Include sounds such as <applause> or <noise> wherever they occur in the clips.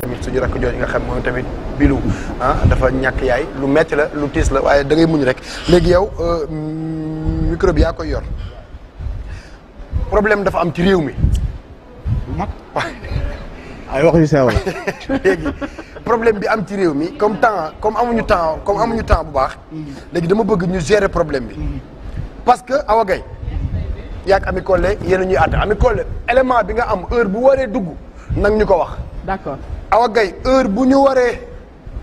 tamit suñu rakk jooju nga xam moom tamit bilu ah dafa ñàkk yaay lu metti la lu tiis la waaye da ngay muñ rek léegi yow euh, micro bi yaa koy yor problème dafa am ci réew mi. mag ay wax yu sew la. <laughs> léegi problème bi am ci réew mi comme temps comme amuñu temps comme amuñu temps bu baax. Mm-hmm. léegi dama bëgg ñu gérer problème bi. Mm-hmm. parce que Awa gay yaag Ami Collé yéen a ñuy àtte Ami Collé élément bi nga am heure bu waree dugg nag ñu ko wax. d'accord. Awa Gaye heure bu ñu waree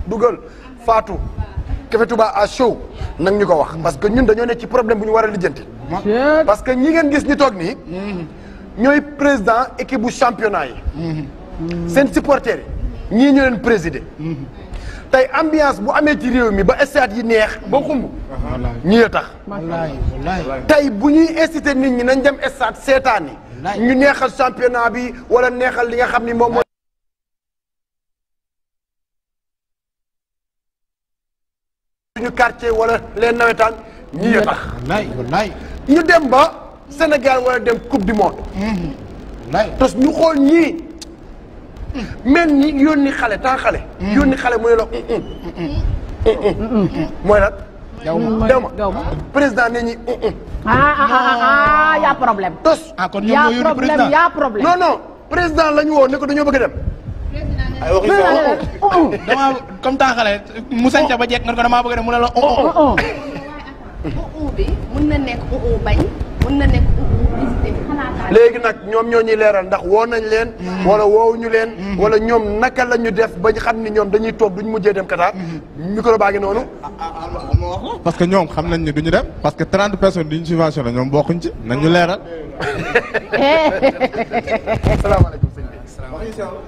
dugal Fatou Café Touba à show nag ñu ko wax parce que ñun dañoo ne ci problème bu ñu war a lijjanti. parce que ñi ngeen gis ñu toog nii. ñooy président équipe bu championnat yi. seen supporters yi ñii ñu leen présider. tey ambiance bu amee ci réew mi ba stade yi neex ba xumb. ñi a tax. tey bu ñuy inciter nit ñi nañ dem stade seetaani. ñu neexal championnat bi wala neexal li nga xam ni moom mooy. du quartier wala les nawetaan ñi ya tax ñu dem ba Sénégal wala dem coupe du monde tos ñu xool ñii même ñi yónni xale tant xale yónni xale mu ne la mooy nag daw ma président ne ñi ah ah ah, ah, ah, ah y'a problème tos y'a problème y'a problème non non président la ñu woo ne ko dañoo bëgg a dem ay waxi oh, oh. dama comme temps mu sañ ba jekk nga ko mu ne la léegi nag ñoom ñoo ñuy leeral ndax woo nañ leen. Mm-hmm. wala ñu leen. Mm-hmm. wala ñoom naka la ñu def ba ñu xam ni ñoom dañuy toog duñ mujjee dem Qatar. Mm-hmm. micro baa ngi noonu. Ah, ah, ah, parce que ñoom xam nañ ne duñu dem parce que trente personne duñu subvention la ñoom bokkuñ ci nañ ñu leeral. Eh. <laughs> salaamaaleykum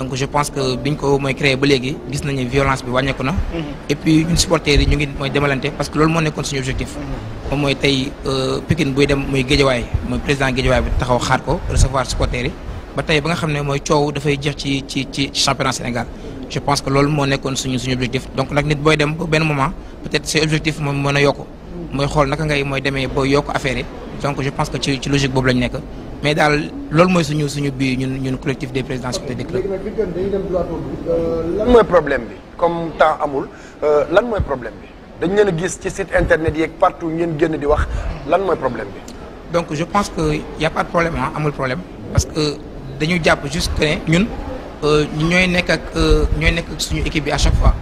donc je pense que biñ ko mooy créé ba léegi gis nañu violence bi wàññeeku na. Mhm. et puis une supporter yi ñu ngi mooy parce que loolu moo est son objectif. Mhm. moom mooy tey euh, Pikine buy dem muy Géejawaay moi président Géejawaay bi taxaw xaar ko recevoir supporter. yi ba comme ba nga xam ne mooy coow dafay jeex ci ci ci championnat Sénégal. je pense que loolu moo est suñu suñu objectif donc nag nit boîte dem bon moment peut-être c'est objectifs moom moi a yokku. Mhm. mooy xool naka ngay mooy demee booy affaire donc je pense que ci logique boobu lañ nekk mais dal loolu moy suñu suñu bi ñun ñun collectif des présidents secrétaires des clubs. Euh, lan moy problème bi comme temps amul euh, lan moy problème bi dañ leen a gis ci site internet yeeg partout ngeen génn di wax lan moy problème bi. donc je pense que y' a pas de problème hein, amul problème parce que dañu japp juste que ñun euh, ñoy nekk ak ñoy nekk ak suñu équipe bi à chaque fois.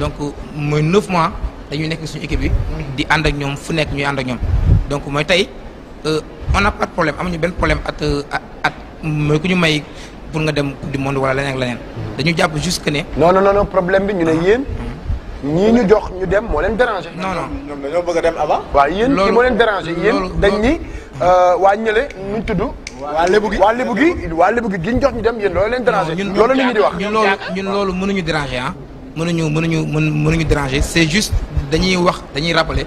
donc moy neuf mois dañu nekk suñu équipe bi. di and ak ñom fu nekk ñuy and ak ñom donc moy tay euh, on n'a pas de problème a un problème at at à, pour du monde wala leneen leneen. Mhm. juste que non non non problème bi ñu yen. nous sommes ñu ñu dem leen déranger. non non ñom dañu bëgg dem avant. wa yeen ki mo leen déranger yeen dañ ni euh wa wa lebugi ñu dem yeen loolu leen déranger. loolu ñu di wax ñun mënuñu déranger ah. mënuñu mënuñu mënuñu déranger c'est juste dañuy wax dañuy rappeler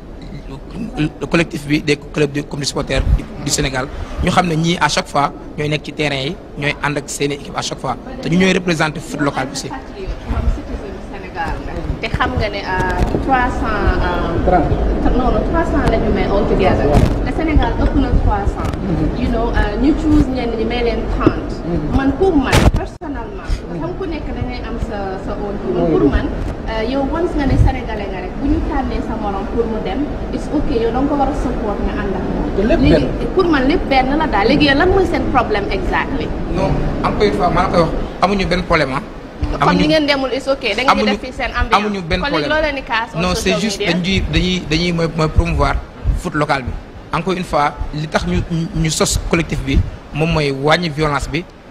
le collectif des clubs de comme supporters du Sénégal nous sommes à chaque fois ci terrain nous équipe à chaque fois nous ñu foot local aussi. Nous xam nga euh, euh, non non nous Sénégal mm-hmm. you know euh, choose mm-hmm. personnellement. Euh, yow once nga ne sénégalais nga rek bu ñu tànnee sa morom pour mu dem it's ok yow danga ko war a support nga ànd ak léegi pour man lépp benn la daal léegi yow seen problème exactly amuñu benn problème ah. amuñu kon ngeen demul is ok da ngeen di def fii seen ambiance amuñu benn problème kon loolu ni kaas. non c'est juste dañuy dañuy dañuy mooy mooy promouvoir foot local bi encore une fois li tax ñu ñu sos collectif bi moom mooy wàññi violence bi.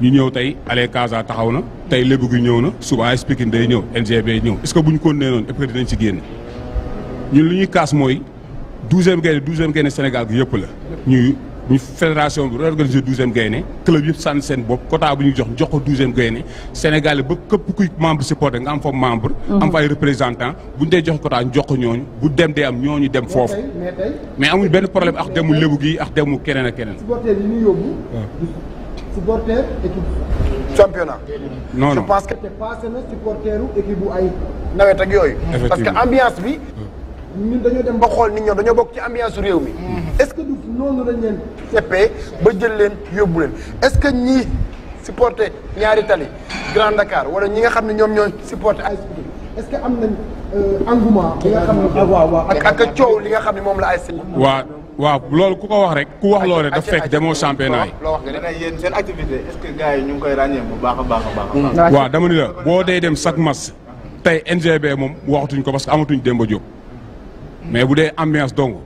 ñu ñëw tey ale Casa taxaw na tey lébu gi ñëw na suba AS day ñëw NGB ñëw est ce que bu ñu continuer noonu après dinañ ci génn ñun li ñuy kaas mooy douzième gaynde douzième gaynde Sénégal gi yëpp la ñuy ñu fédération bi réorganisé douzième gaynde club yëpp sànni seen bopp quota bu ñu jox jox ko douzième gaynde Sénégal ba képp kuy membre supporter nga am fa membre mhm. am fa représentant bu ñu dee jox quota ñu jox ko ñooñu bu dem dee am ñooñu dem foofu mais amuñ benn problème ak demu lébu gi ak demu keneen a keneen supporter équipe. championnat. non je que te passé na supporteru équipe bu ay nawet ak yooyu. parce que ambiance bi. ñun dañoo dem ba xool nit ñoom dañoo bokk ci ambiance réew mi. Mm-hmm. est-ce que du noonu lañ leen seppee ba jël leen yóbbu leen est-ce que ñii supporter ñaari tali Grand Dakar wala ñi nga xam ne ñoom ñoo supporter ay est-ce que am nañ euh, engouement. li ah, coow li nga xam ne moom la ay sëñ. waaw loolu ku ko wax rek ku wax loolu dafa fekk demoo championnat yi yéen seen activité est-ce que gars yi ñu ngi koy ràññee bu baax a baax a baax mm. waaw dama ni la boo dee dem chaque match tey NGB moom waxatuñ ko parce que amatuñ Demba Diop mais bu dee ambiance dong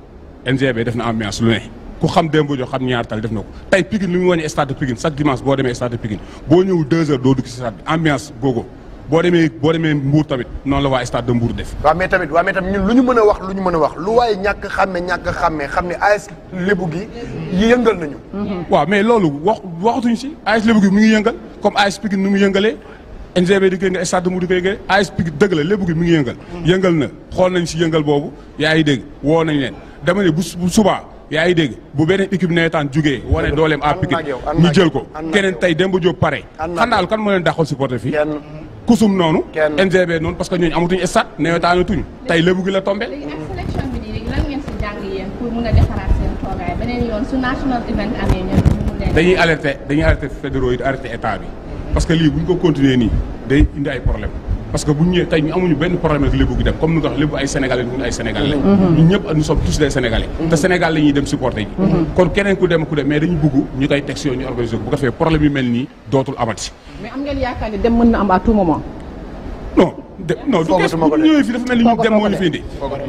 NGB def na ambiance lu ne ku xam Demba xam ñaar tal def na ko tey Pikine li mu wàññi stade Pikine chaque dimanche boo demee stade Pikine boo ñëw doo dugg si ambiance googu boo demee boo demee Mbour tamit noonu la waa stade de Mbour def. waaw mais tamit waaw lu ñu mën a wax lu ñu mën a wax lu waaye ñàkk xàmme ñàkk xàmme xam ne AS Lébu gi yëngal nañu. Mm-hmm. waa mais loolu wax waxatuñ si AS Lébu gi mu ngi yëngal comme AS Pikine nu mu yëngalee. NGB di koy nga stade mu di koy nga AS lépp gi mi ngi yëngal yëngal na xool nañ si yëngal boobu yaa ngi dégg woo nañ leen dama ne bu subaa yaa ngi dégg bu beneen équipe nawetaan jugee wane dooleem à Pikine ñu jël ko keneen tey Demba Diop pare xanaa kan moo leen dàqal supporter fii kusum noonu. NGB noonu parce que ñooñu amatuñu stade newetaanatuñu. tey lébu gi la tombé. léegi ak sélection a defaraat seen toogaay beneen yoon su national event amee dañuy alerter dañuy yi di état bi parce que lii bu ñu ko continuer nii day indi ay problème parce que bu ñu ñëwee tey ñu amuñu benn problème rek lébu gi dem comme ni nga wax lébu ay ay sénégalais lañ mm-hmm. ñun ñëpp nous sommes tous des sénégalais mm-hmm. te sénégal la dem supporter ji mm-hmm. kon keneen ku dem ku dem mais dañu bëgg ñu koy teg si yoon ñu organiser bu ko fee problème yu mel nii dootul amati mais am ngeen yaakaar ni dem mën na am à tout moment. non de non du question dem moo ñu fi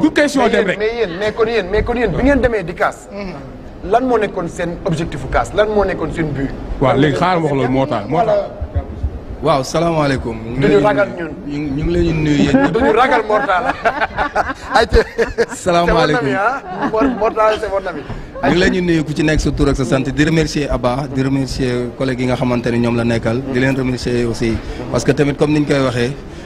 du question dem rek mais yéen mais kon yéen mais kon yéen bi ngeen demee di kaas. Mm-hmm. lan moo nekkoon seen objectif u kaas lan moo nekkoon seen but. waaw léegi xaaral wax loolu moo tax moo tax. waaw salaamaaleykum. ñu ngi ragal ñun ñu ngi leen nuyu yéen ñëpp. duñu ragal Mortal. <laughs> ayca salaamaaleykum Mortal c'est mon ami. ñu ngi leen ku ci nekk sa tur ak sa sant di remercier Abba di remercier collègues yi nga xamante ni ñoom la nekkal. di leen remercier aussi. parce que tamit comme ni ñu koy waxee.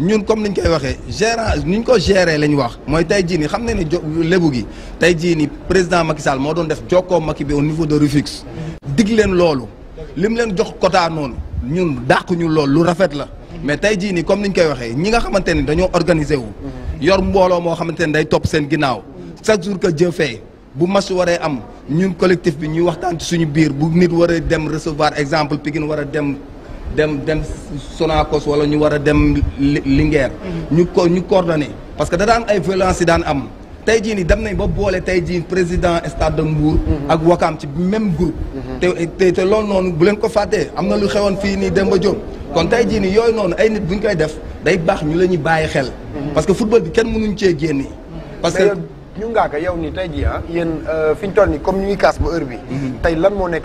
ñun comme ni ñu koy waxee gérant ni ñu ko géré la ñu wax mooy tey jii nii xam ne ni lébu gi tey jii nii président Macky Sall moo doon def jokkoo Macky bi au niveau de Rufisque leen loolu lim leen jox quota noonu ñun dàq lool lu rafet la mais tey jii nii comme ni ñu koy waxee ñi nga xamante ni dañoo organiser wu yor mbooloo moo xamante ni day topp seen ginnaaw chaque jour que Dieu fait bu mas waree am ñun collectif bi ñuy waxtaan ci suñu biir bu nit war a dem recevoir exemple Pikine war a dem dem dem Sonacos wala ñu war a dem Linguère. Mhm. ñu ko ñu coordonné parce que dana am ay violence yi daan am tey jii nii dem nañ ba boole tey jii président stade de Mbour. Mhm. ak Wakam ci même groupe. Mhm. te te loolu noonu bu leen ko fàttee am na lu xewoon fii nii Demba Diop. kon tey ji ni yooyu noonu ay nit bu ñu koy def day baax ñu la ñuy bàyyi xel. parce que football bi kenn mënuñ cee génne. parce que ñu euh, yow nii tey jii ah yéen euh, fi ñu toll nii comme ñu ngi kaas ba heure bi tey lan moo nekk.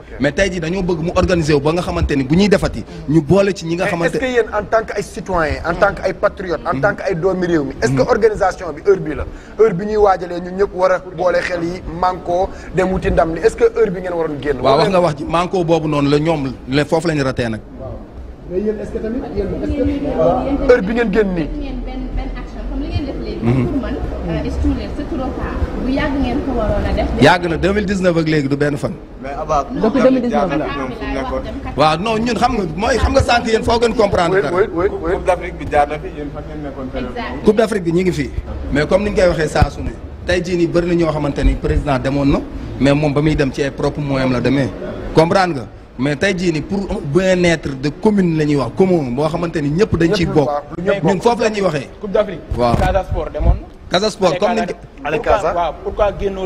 mais tey jii dañoo bëgg mu organiser ba nga xamante ni bu ñuy defati ñu boole ci ñi nga xamante est-ce que yéen en tant que ay citoyen en tant que ay patriote en tant que ay doomi réew mi est-ce que organisation bi heure bi ñuy waajalee ñun ñëpp war a boole xel yi manko dem wuti ndam li est-ce que heure bi ngeen waroon génn waaw wax nga wax ji manko boobu noonu la ñoom la foofu lañu ratee nag heure bi ngeen génn nii c'est euh, trop a def. na 2019 ak léegi du benn fan. mais Aba. depuis 2019 la waaw ñun xam nga mooy xam nga sànq yéen foo gën comprendre. d'Afrique bi jaar na fi yéen fa ngeen nekkoon. coupe mais comme ni ñu koy waxee saa su ne tey jii nii bëri na ñoo xamante ni président demoon na mais moom ba muy dem ci ay propres moyens la demee comprendre nga. mais tey jii nii pour bien de commune la ñuy wax commune boo xamante ni ñëpp dañ ciy bokk. ñun foofu la ñuy waxee. d'Afrique. waaw demoon Casa Sport comme ni Allez Casa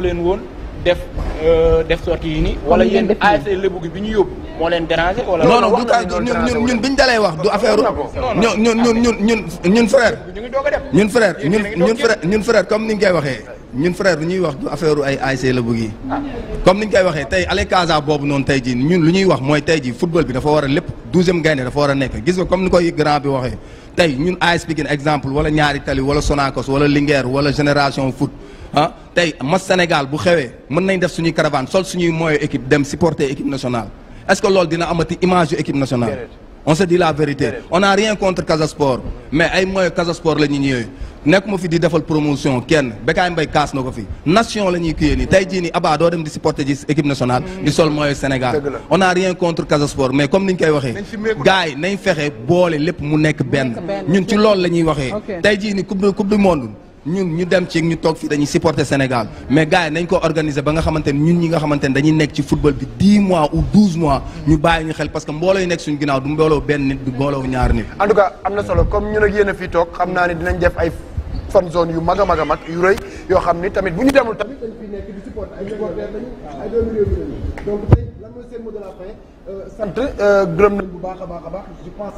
leen woon def euh, def yi nii. wala yéen bi ñu yóbbu moo leen déranger. wala non non du cas ñun ñun bi ñu dalee wax du affaire. ñun ñun ñun ñun ñun frère. ñun frère ñun ñun frère ñun frère comme ni ñu koy waxee. ñun frère lu ñuy wax du affaire ay ASC Lebougui yi. Ah. comme ni ñu koy waxee tey Allez Casa boobu noonu tey jii ñun lu ñuy wax mooy tey jii football bi dafa war a lépp douzième gaynde dafa war a nekk gis nga comme ni koy grand bi waxee. tey ñun AS Pikine exemple wala ñaari tali wala Sonacos wala Linguère wala Génération Foot ah tey match Sénégal bu xewee mën nañ def suñuy caravane sol suñuy moyo équipe dem supporter équipe nationale est-ce que loolu dina amati image yu équipe nationale on se dit la vérité on n'a rien contre Casasport mais ay moyens Casasport la ñu ñëwee nekk ma fi di defal promotion kenn Bécaye Mbaye kaas na fi nation la ñuy kiyee nii de Aba dem di supporter ji équipe nationale mm. du sol moyen Sénégal on n'a rien contre Casasport mais comme ni ñu koy waxee gars yi nañ fexe boole ben, mu nekk benn ñun ci loolu la coupe du monde ñun ñu dem ci ñu toog fii dañuy supporter Sénégal mais gars yi nañ ko organiser ba nga xamante ne ñun ñi nga xamante ne dañuy nekk ci football bi 10 mois ou 12 mois ñu bàyyi ñu xel parce que mbooloo yi nekk suñu ginnaaw du mbooloo benn nit du mbooloo ñaar nit. en tout am na solo comme ñun ak yéen a fii toog xam naa ne dinañ def ay fan zone yu mag a mag a yu rëy yoo xam ni tamit bu ñu demul tamit dañ euh, sant euh, gërëm nañ bu baax a baax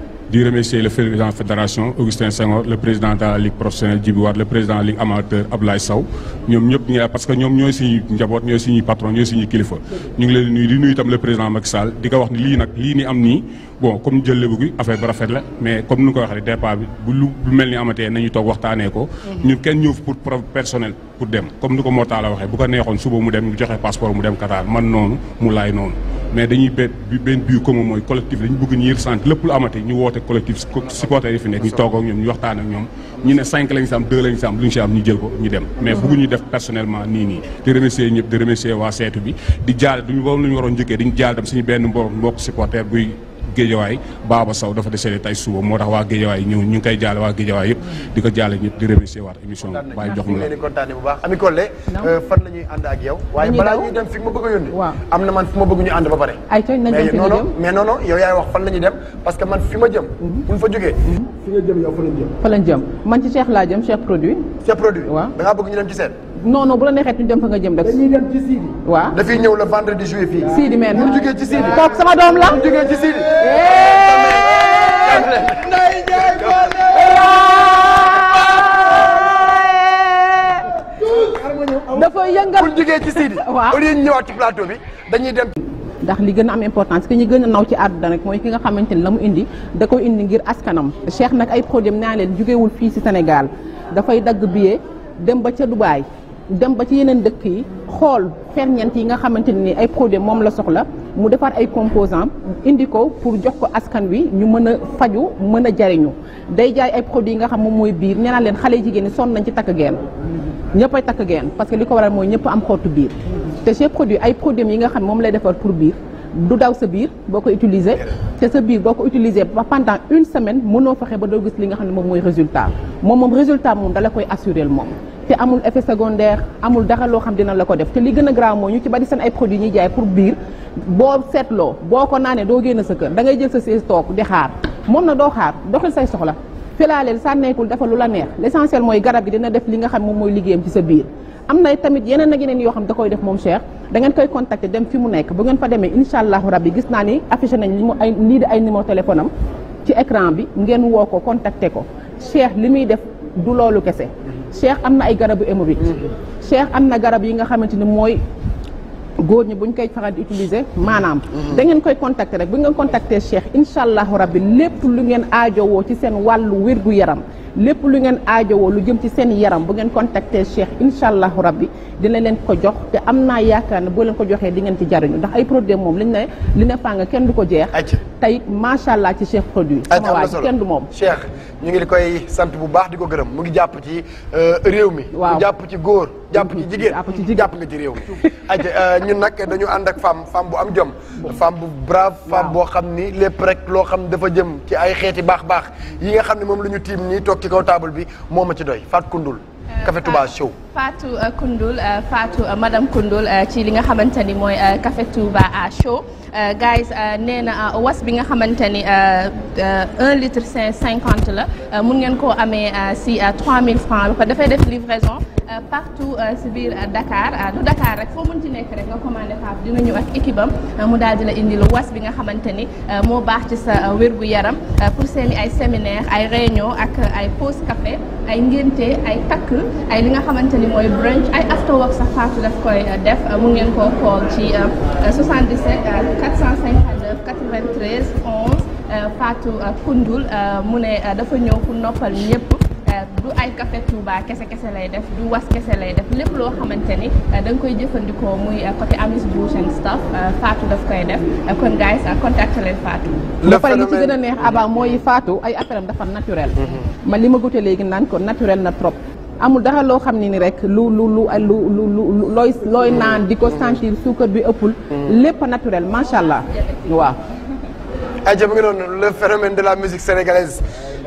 Je remercier le président de la fédération, Augustin Senghor, le président de la Ligue professionnelle, le président de la Ligue amateur, Nous Sow. parce que nous sommes aussi Nous sommes ni nous sommes nous ñu ngi leen le président ni ni bon comme mais comme nous avons nous pour personnel comme sommes. nous nous bu ko passeport Qatar man nous mais dañuy benn benn biir commun mooy collectif dañu bëgg ñu yër lépp lu amate ñu woote collectif supporters yi fi nekk ñu toog ak ñoom ñu waxtaan ñoom ñu ne cinq lañ si am deux lañ si am lu ñu si am ñu jël ko ñu dem mais mhm. bëgguñu def personnellement nii nii di remercier ñëpp di remercier waa seetu bi di jaal duñu boobu lu waroon njëkkee dañu jaal dem suñu benn mbokk supporter buy géejawaay Baba Sow dafa décédé tey suba moo tax waa géejawaay ñëw ñu ngi koy jaale waa géejawaay yëpp di ko jaale ñëpp di remercier waat émission bàyyi jox mu la kontaane bu baax Ami Collé euh, fan la ànd ak yow waaye balaa ñuy dem fi ma bëgg a yónni am na man fi ma bëgg ñu ànd ba pare non non mais non non yaay wax fan la ñuy dem parce que man fi ma jëm mhm. bu fa jógee mhm. fi nga jëm yow fa lañ jëm man ci Cheikh laa jëm Cheikh produit Cheikh produit da ngaa bëgg non bu la neexee ñu dem fa nga jëm rek. dañuy dem ci Sidi. waaw dafay ñëw le vendredi juillet fii. Sidi meen bu jugee ci Sidi. kooku sama doom la bu ci dafa yëngal bu jugee ci Sidi. waaw au lieu ñu ñëwaat ci plateau bi dañuy dem. ndax li gën a am importance ki ñu gën a naw ci àdduna rek mooy ki nga xamante ni la mu indi da koy indi ngir askanam Cheikh nag ay projet naa leen jugewul fii ci Sénégal dafay dagg billet dem ba ca Dubaï. dem ba ci yeneen dëkk yi xool ferñeent yi nga xamante ni ay produits moom la soxla mu defar ay composants indi ko pour jox ko askan wi ñu mën a faju mën a jariñu day jaay ay produits yi nga xam moom mooy biir nee naa leen xale jigéen ñi sonn nañ ci takk geen ñëpp ay takk geen parce que li ko waral mooy ñëpp am xottu biir te ces produit ay produits yi nga xam moom lay defar pour biir du daw sa biir boo ko utiliser te sa biir boo ko utiliser ba pendant une semaine mënoo fexe ba doo gis li nga xam ne moom mooy résultat moom moom résultat moom dala koy assuré moom te amul effet secondaire amul dara lo xam dina la ko def te li gëna graw grave ñu ci bari sen ay produits ñi jaay pour biir bo setlo boko nané do gëna génn sa kër da ngay jël sa siis toog di xaar moom na do xaar doxil say soxla filaaleel sànneekul dafa lu la neex l'essentiel moy garab gi dina def li nga xam moom moy liggéeyam ci sa biir amna tamit yeneen ak yeneen yo xam da koy def mom Cheikh da ngeen koy contacter dem fi mu nekk bu ngeen fa démé inshallah rabbi gis na ni affiché nañ li mu ay lii di ay numéro téléphone am ci écran bi ngeen wo ko contacter ko Cheikh limi def du lolou kessé cheikh am na ay garabu bi mhm. cheikh am na garab yi nga xamante ni mooy góor ñi buñ koy faral di utiliser maanaam mhm. da ngeen koy contacter rek bu ngeen contacter cheikh incha allahu bi lépp lu ngeen aajowoo ci seen wàllu wér gu yaram lépp lu ngeen aajowoo lu jëm ci seen yaram bu ngeen contacté cheikh incha allah rabbi dina leen ko jox te am naa yaakaar ne boo leen ko joxee di ngeen ci jariñu ndax ay produit moom li ne li ne fànga kenn du ko jeex. tey macha allah ci cheikh produit. sama waa ji kenn du moom. cheikh ñu ngi koy sant bu baax di ko gërëm mu ngi jàpp ci euh, réew mi. waaw mu jàpp ci góor. jàpp ci jigéen jàpp nga ci réew mi aja euh, ñun nag dañu ànd ak femme femme bu am jom femme bu brave femme boo xam ni lépp rek loo xam dafa jëm ci ay xeeti baax baax yi nga xam ne moom lu ñu tiim nii toog ci kaw table bi moo ma ci doy Fatou Koundoul euh, Café Touba Show Fatou euh, Koundoul Fatou madame Koundoul ci li nga xamante ni mooy Café Touba Show guys nee na was bi nga xamante ni un litre cinq cinquante la mun ngeen koo amee si trois mille francs ba dafay def livraison Euh, partout si euh, biir euh, Dakar du Dakar rek foo mën ci nekk rek nga commandé Pape dina ñëw ak équipe am mu daal di la lu was bi nga xamante ni moo baax ci sa wérgu yaram pour seeni ay séminaire ay réunion ak ay pause café ay ngénte ay takk ay li nga xamante ni mooy brunch ay after work sax Fatou daf koy def mu ngeen koo call ci 77 459 93 11 Fatou Koundoul mu ne dafa ñëw pour noppal ñëpp du ay café Touba kese kese lay def du was kese lay def lépp loo xamante ni euh, danga koy jëfandikoo muy euh, côté amis bouche and stuff euh, Fatou daf koy def kon guys contact leen Fatou. le phénomène li ci gën neex avant mooy Fatou ay affaire dafa naturel. Mm-hmm. ma li ma goûté léegi naan ko naturel na trop. amul dara loo xam ne ni rek lu lu lu lu lu looy looy mm-hmm. naan di ko mm-hmm. sentir suukar bi ëppul. lépp naturel macha allah. waaw. ay jëm nga noonu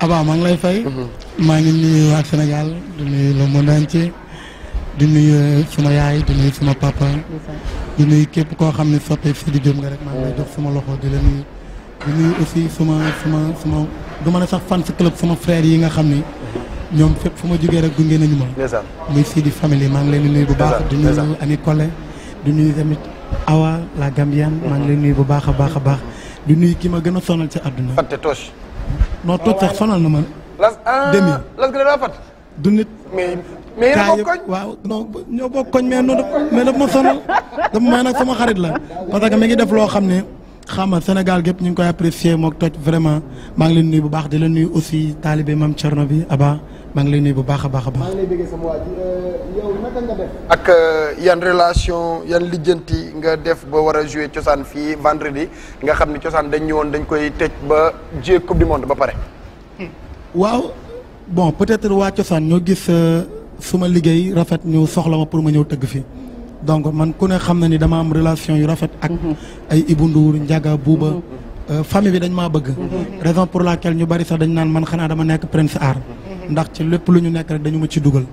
Aba mang lay fay. Mhm. maa ngi nuyu wa senegal du nuyu le monde entier di nuyu suma yaay du nuyu suma papa. du nuyu képp koo xam ne soppee si di jëm nga rek maa ngi lay jox suma loxo di la nuyu. di nuyu aussi suma suma suma du ma ne sax fan si club suma frère yi nga xam ni. ñoom fépp fu ma jógee rek gunge nañu ma. muy sii di famille maa ngi leen di nuyu bu baax. di nuyu Ami Collé di nuyu tamit Awa la Gambienne. maa ngi leen nuyu bu baax a baax a baax. di nuyu ki ma gën a sonal ci àdduna. Fante Toche non tout sax c'est demi las ah, mais mais non mais non mais sonal ma sama xarit la parce que mi ngi def lo xamné Sénégal gep ñu apprécier mok vraiment ma ngi leen nuyu bu baax aussi talibé, mam Aba. ma ngi lay nuyu bu baax a baax a baax. maa ngi lay bégee sama waa ji yow naka nga def. ak eh, yan relation yan lijjanti nga def ba war a jouer cosaan fii vendredi nga xam ne cosaan dañ ñëwoon dañ koy tëj ba jouer coupe du monde ba pare. Hmm. waaw bon peut être waa cosaan ñoo gis euh, suma liggéey rafet ñu soxla ma pour ma ñëw tëgg fii. donc man ku ne xam na ni dama am relation yu rafet ak. Hmm. ay ibunduur njaga buuba. Hmm. Euh, famille bi dañ maa bëgg. raison pour laquelle ñu bari sax dañ naan man xanaa dama nekk prince art. ndax ci lépp lu ñu nekk rek dañu ma ci dugal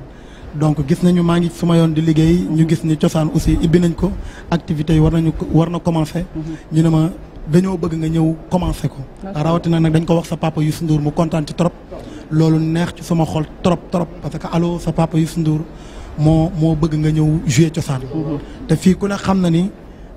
donc gis nañu maa ngi suma yoon di liggéey ñu gis ni cosaan aussi ibbi nañ ko activités yi war nañu war na commencé mhm. ñu ne ma dañoo bëgg nga ñëw commencé ko rawatina nag dañ ko wax sa papa Youssou Ndour mu kontaan ci trop loolu neex ci sama xol trop trop parce que aloo sa papa Youssou Ndour moo moo bëgg nga ñëw jouer cosaan mhm. te fii ku ne xam na ni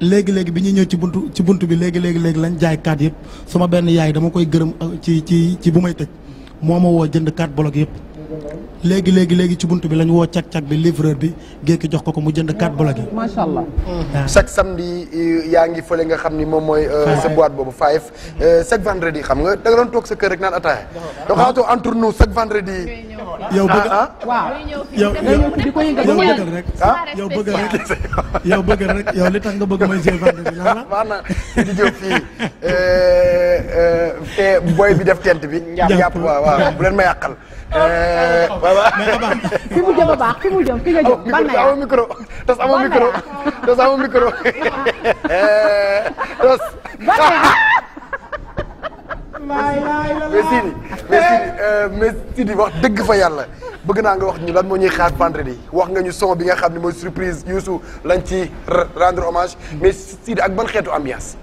léegi léegi bi ñuy ñëw ci buntu ci buntu bi léegi léegi léegi lañ jaay carte yëpp sama benn yaay dama koy gërëm euh, ci ci ci bu may tëj moo ma woo jënd carte bloc yëpp. léegi léegi léegi ci bunt bi lañ woo cag cag bi livreur bi géeki jox ko ko mu jënd carte bolo yi. macha allah. chaque samedi euh, yaa ngi fële nga xam ni moom mooy. Euh, sa boîte boobu five chaque vendredi xam nga da nga doon toog sa kër rek naan ataaya. donc entre nous chaque vendredi. yow bëgg ah, ah. waaw yow ah. rek yow bëgg rek yow bëgg rek yow li tax nga bëgg mooy g bi di jóg fii <laughs> eh, eh, te bi def tent bi jàpp waaw waaw bu leen ma yàqal eh, <laughs> fi mu jëm a baax fi mu jëm fi nga jëm oh, ban tas amoo micro tas amoo micro tas mais Sidi euh, mais Sidi wax dëgg fa yàlla bëgg naa nga wax ñu lan moo ñuy xaar vendredi wax nga ñu son bi nga xam ne mooy surprise Youssou lañ ci rendre hommage me Sidi ak ban xeetu ambiance.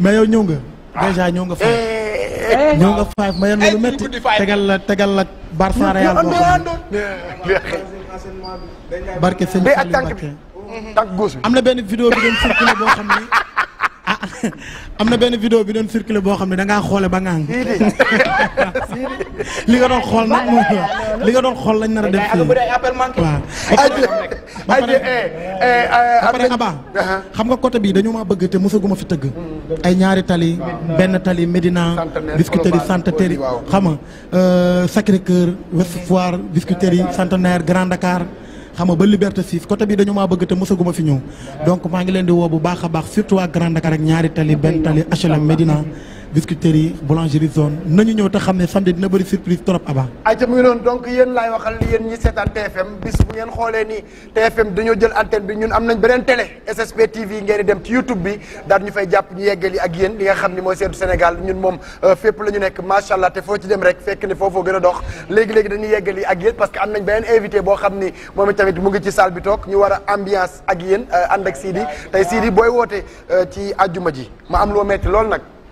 mais yow ñëw nga. Ah. déjà ñëw nga faay. Eh. Eh. ñëw nga faay ma yan lu eh, métti tegal la tegal boo xam ne. barke sëñ mm-hmm. bi am na benn vidéo bi boo xam ni. ah <laughs> am na benn vidéo bi doon circulé boo xam ne da ngaa xoole ba ngang <laughs> li nga doon xool nag moom li nga doon xool lañ nar a def fii waaw. ba pare eh, eh, eh, ba pare uh-huh. xam nga côté bii dañu ma bëgg te mosaguma fi tëgg. ay ñaari tali benn tali Médina Biscuiterie Santéteri xam nga euh, Sacré Cœur Ouest Foire Biscuiterie Centenaire grande Dakar. xam nga ba Liberté 6 côté bi dañu maa bëgg te mosaguma fi ñëw donc maa ngi leen di woo bu baax a baax surtout waa Grand Dakar ak ñaari tali benn tali HLM Medina biscuiterie boulangerie zone nañu ñëw te xam ne samedi dina bëri surprise trop Aba. ayca mu ngi noonu donc yéen laay waxal yéen ñi seetaan TFM bis ngeen xoolee ni TFM dañoo jël antenne bi ñun am nañ beneen télé SSP TV ngeen di dem ci YouTube bi daal ñu fay jàpp ñu yeggali ak yéen li nga xam ni mooy seetu Sénégal ñun moom euh, fépp la ñu nekk macha allah te foo ci dem rek fekk ni foofoo gën a dox léegi léegi dañuy yeggali ak yéen parce que am nañ invité boo xam ni moom tamit mu ngi ci salle bi toog ñu war ak yéen euh, ànd ak Sidi tey Sidi booy woote euh, ci àjjuma ji ma am loo metti lool nag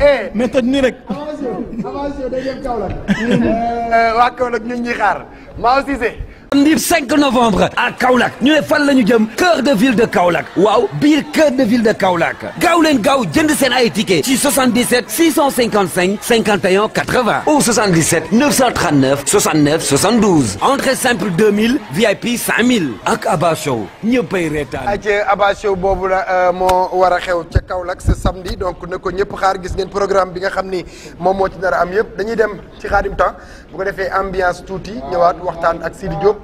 Eh. mais toj nii rek. avance avance deuxième Kaolack. <laughs> Euh, waa Kaolack ñu ngi ñuy xaar Mao Cissé. samedi 5 novembre à Kaolack Nous ne fan la cœur de ville de Kaolack waaw bir cœur de ville de Kaolack gaaw leen gaaw jënd seen ay ticket ci 77 655 51 80 ou 77 939 69 72 entrée simple 2000 VIP 5000 ak Abba Show ñëppay reetaan. ayca Abba Show boobu euh, xew ce samedi donc nous connaissons ñëpp xaar gis ngeen programme bi nga xam ni moom moo ci nar am yëpp dañuy dem ci xaadim temps bu ko defee ambiance tout ñëwaat waxtaan ak Sidi Diop.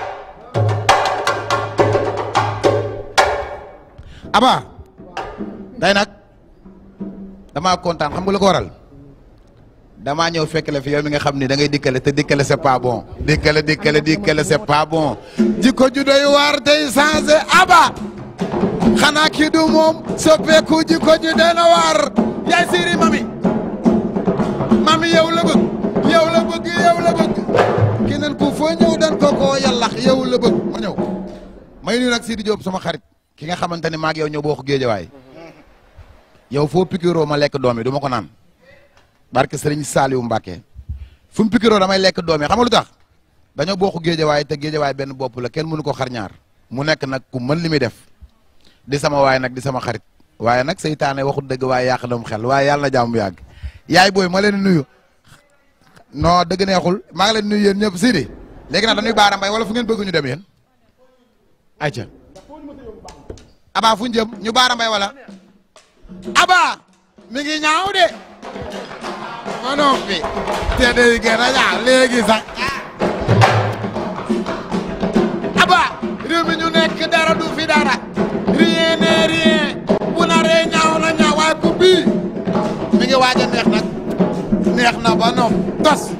Aba day nag dama kontaan xam nga lu ko waral damaa ñëw fekk la nga xam ni da ngay dikkale te dikkale c'est pas dikkale dikkale dikkale jikko ju doy tey changé Aba xanaa kii du moom soppeeku jikko ju doy na siri mami mami yow la bëgg yow la bëgg yow la dan ko koo yàllax yow ma ñëw may nuyu nag Sidi Diop sama xarit ki nga xamante ne maag yow ñoo bokk géejawaay yow foo pikiroo ma lekk doom yi du ma ko naan barke Serigne Saliou Mbacke fu mu pikiroo damay lekk doom yi xam nga lu tax dañoo bokk géejawaay te géejawaay benn bopp la kenn mënu ko xar ñaar mu nekk nag ku mën li muy def di sama waay nag di sama xarit waaye nag seytaane waxut dëgg waaye yàq dam xel waaye yàlla na jàmm yàgg yaay booy ma leen nuyu non dëgg neexul maa leen nuyu yéen ñëpp si di léegi nag dañuy baara wala fu ngeen bëgg ñu dem yéen abaa fu ñu baara mbay wala mi ngi ñaaw de ma noppi te day gën a ñaaw léegi sax abaa réew ñu nekk dara du fi dara rien n'est rien bu naree ñaaw na ñaaw waaye mi ngi waaj a neex nag na ba nopp tos